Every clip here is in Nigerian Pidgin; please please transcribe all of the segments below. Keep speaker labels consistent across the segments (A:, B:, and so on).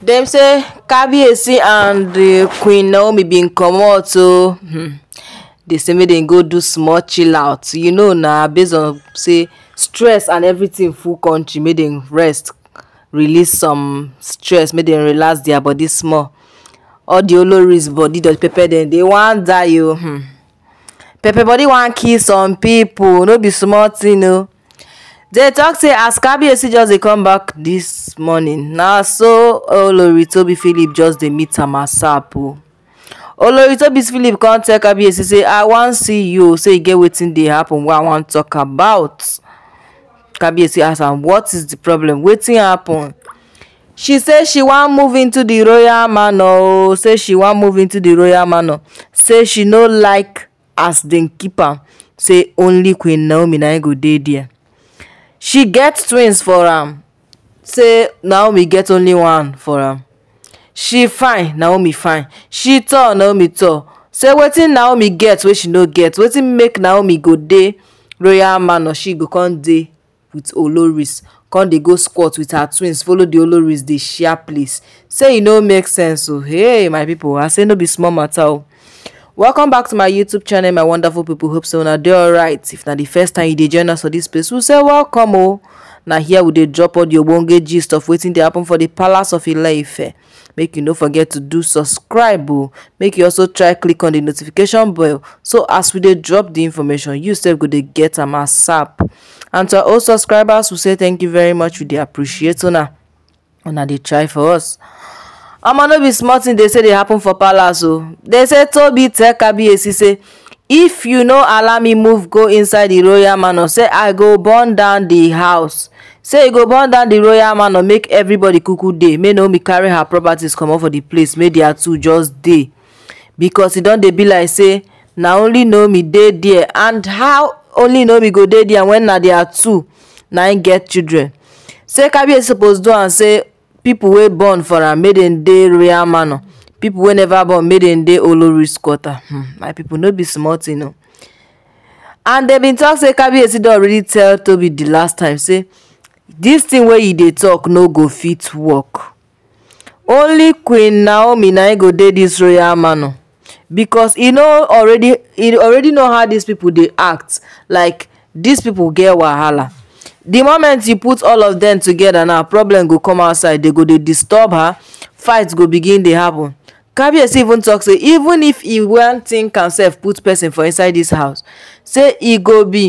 A: dem say kabiyesi and queen naomi bin comot o um dey say make dem go do small chill out you know na based on say stress and everything full country make dem rest release some stress make dem relax their body small all the oloris body don pepper dem dey wan die o um pepper body wan kill some people no be small thing o. They talk say as kabiyesi just dey come back dis morning na so olori tobi philip just dey meet am asap. o olori tobi philip come tell kabiyesi say i wan see you say e get wetin dey happen wey i wan talk about kabiyesi ask am what is the problem wetin happen she say she wan move into the royal manor o say she wan move into the royal manor say she no like as dem keep am say only queen naomi na go dey there she get twins for am say naomi get only one for am she fine naomi fine she tall naomi tall say wetin naomi get wey she no get wetin make naomi go dey royal manor she go come dey with oloris come dey go squat with her twins follow the oloris dey share place say e no make sense o oh. hey my people, i say no be small matter o oh welcome back to my youtube channel my wonderful people hope so una dey alright if na the first time you dey join us for this place we say welcome oh. na here we dey drop all your ogbonge gist of wetin dey happen for the palace of life. make you no forget to do subscribe oh. make you also try click on the notification bell so as we dey drop the information you sef go dey get a mass up. and to all subscribers we say thank you very much we dey appreciate una una they try for us omo no be small thing dey say dey happen for palace o dey say tobi tell kabiyesi say if you no allow me move go inside the royal manor say i go burn down the house say e go burn down the royal manor make everybody kuku dey make naomi carry her properties comot for the place make their two just dey because e don dey be like say na only naomi dey there and how only naomi go dey there when na their two na im get children say kabiyesi suppose do am say People wey born for am make dem dey royal manor People wey never born make dem dey oloris quarter hmm, my people no be small tin o and they been talk say kabiyesi don already tell tobi the last time say this thing wey you dey talk no go fit work only queen naomi na go dey this royal manor because e no already e already know how these people dey act like these people get wahala The moment you put all of them together now, problem go come outside They go they disturb her fight go begin They happen kabiyesi even tok say even if he one thing think amsef put person for inside this house say he go be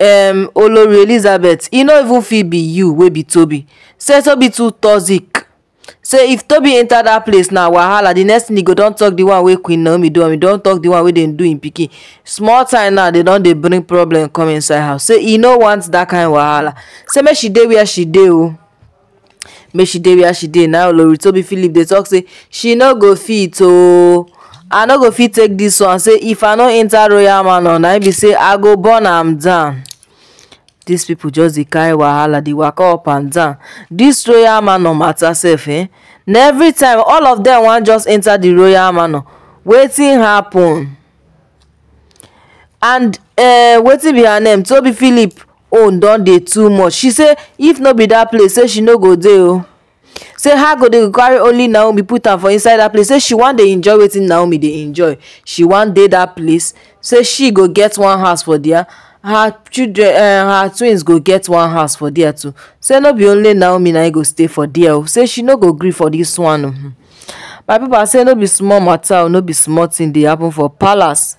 A: um olori elizabeth e no even fit be you wey be Toby. say tobi too toxic So if Toby enter that place now, wahala the next thing e go don tok di one way queen naomi do and e don't talk the one wey dem do im pikin small time now they don't they bring problem come inside house So he no want dat kain wahala So make she dey wia she dey o oh. make she dey wia she dey now olori Toby philip they talk say she no go fit o oh. i no go fit take this one say if i no enter royal manor na be say i go burn I'm done dis pipo just dey carry wahala dey waka up and down dis royal manor matter sef eh na everytime all of dem wan just enter the royal manor wetin happen and eh, wetin be her name toby philip own don dey too much she say if no be dat place say she no go dey o oh. say how go dey carry only naomi put am for inside dat place say she wan dey enjoy wetin naomi dey enjoy she wan dey dat place say she go get one house for dia her children eh, her twins go get one house for there too say no be only naomi na go stay for there say she no go gree for this one hmm. my people say no be small matter no be small thing dey happen for palace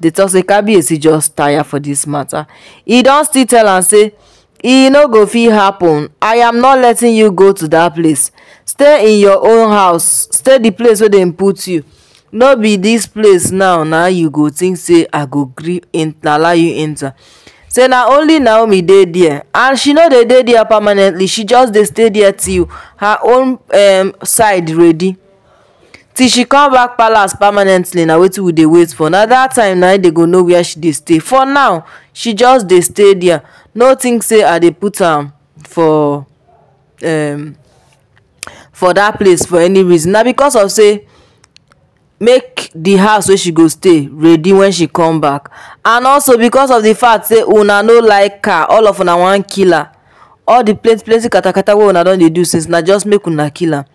A: dey tok say kabiyesi just tire for this matter He don still tell am say e no go fit happen i am not letting you go to that place stay in your own house stay the place where dem put you no be dis place now na you go think say i go gree allow you enter say na only naomi dey there and she no dey dey there permanently she just dey stay there till her own um side ready till she come back palace permanently na wetin we dey wait for na dat time na they go know wia she dey stay for now she just dey stay there no think say i dey put am for um for dat place for any reason na because of say make the house wey she go stay ready when she come back and also because of the fact say una no like her all of una wan kill her all the plenty plenty katakata wey una don dey do since na just make una kill her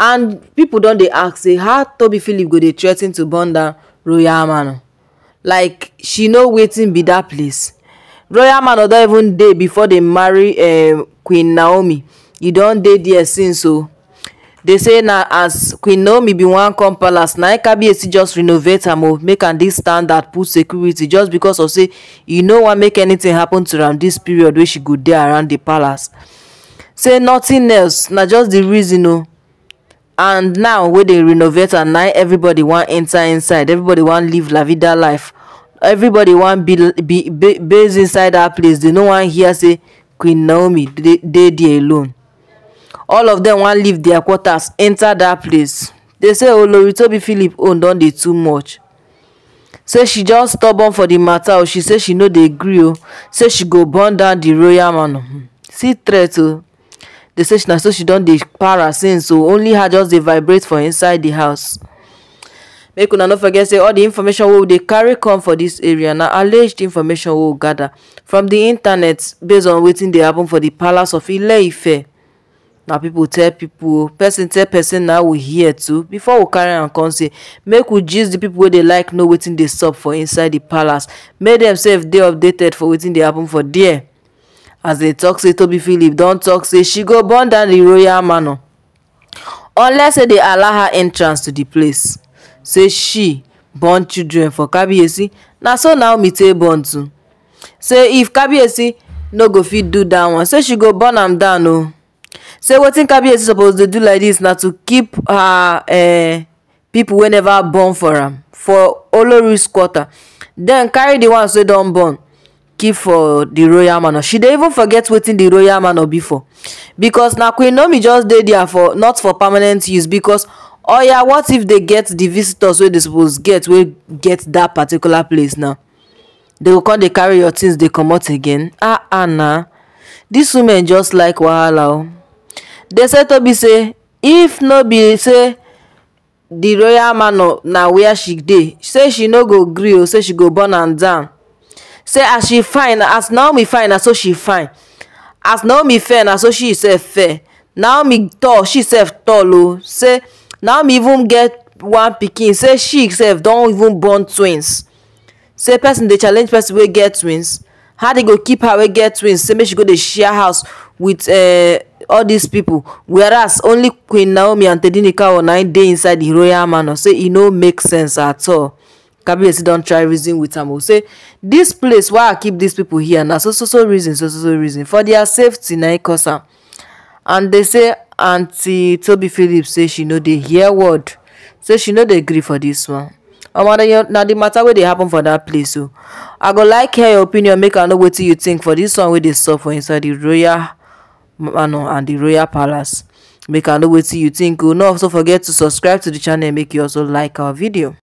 A: and people don dey ask say how toby philip go dey threa ten to burn down royal manor like she know wetin be that place royal manor don even dey before dem marry eh, queen naomi e don dey there since o oh dey say na as queen naomi bin wan come palace na kabiyesi just renovate am o make am dis standard put security just because of say e no wan make anything happen to am dis period wey she go dey around di palace say nothing else na just di reason o and now wey dey renovate am na everybody wan enter inside everybody wan live la vida life everybody wan be be based inside dat place dey no wan hear say queen naomi dey dey alone all of them wan leave their quarters enter that place They say olori oh, tobi philip own oh, don dey too much say she just stubborn for the matter o oh, she say she no dey gree o say she go burn down the royal manor see threat o They say na so she don dey para since o only her just dey vibrate for inside the house make una no forget say all the information wey we dey carry come for this area na alleged information wey we gather from the internet based on wetin dey happen for the palace of Ile-Ife na people tell people, person tell person na we hear too before we carry am come say make we gist the people wey dey like know wetin dey sup for inside the palace make dem sef dey updated for wetin dey happen for there as dem tok say Toby philip don tok say she go burn down the royal manor unless say dey allow her entrance to the place say she born children for kabiyesi na so naomi take born too say if kabiyesi no go fit do that one say she go burn am down o say wetin kabiyesi suppose dey do like dis na to keep her uh, eh, pipo wey never born for am for olori's quarter den carry di ones wey don born keep for di royal manor she dey even forget wetin di royal manor be for becos na queen nomi just dey dia for not for permanent use becos oya what if dey get di visitors wey dey suppose get wey get dat particular place now dey go come dey carry your things dey comot again ah ah na dis women just like wahala o oh desetobi say to be say if no be say di royal manor na wia she dey say she no go gree o say she go burn am down say as she fine as naomi fine na so she fine as naomi fair na so she sef fair naomi tall she sef tall o say naomi even get one pikin say she sef don even born twins say person dey challenge person wey get twins how dey go keep her wey get twins say make she go dey share house With uh, all these people, whereas only queen naomi and tedinika na dey inside the royal manor say e no make sense at all kabiyesi don try reason with am o say this place why i keep these people here na so so so reason so so so reason for their safety na e cause am and they say aunty toby phillips say she no dey hear word say she no dey gree for this one omo na the matter wey dey happen for that place o i go like hear your opinion make i know wetin you think for this one wey dey sup for inside the royal manor and the royal palace make i know wetin you think o no also forget to subscribe to the channel make you also like our video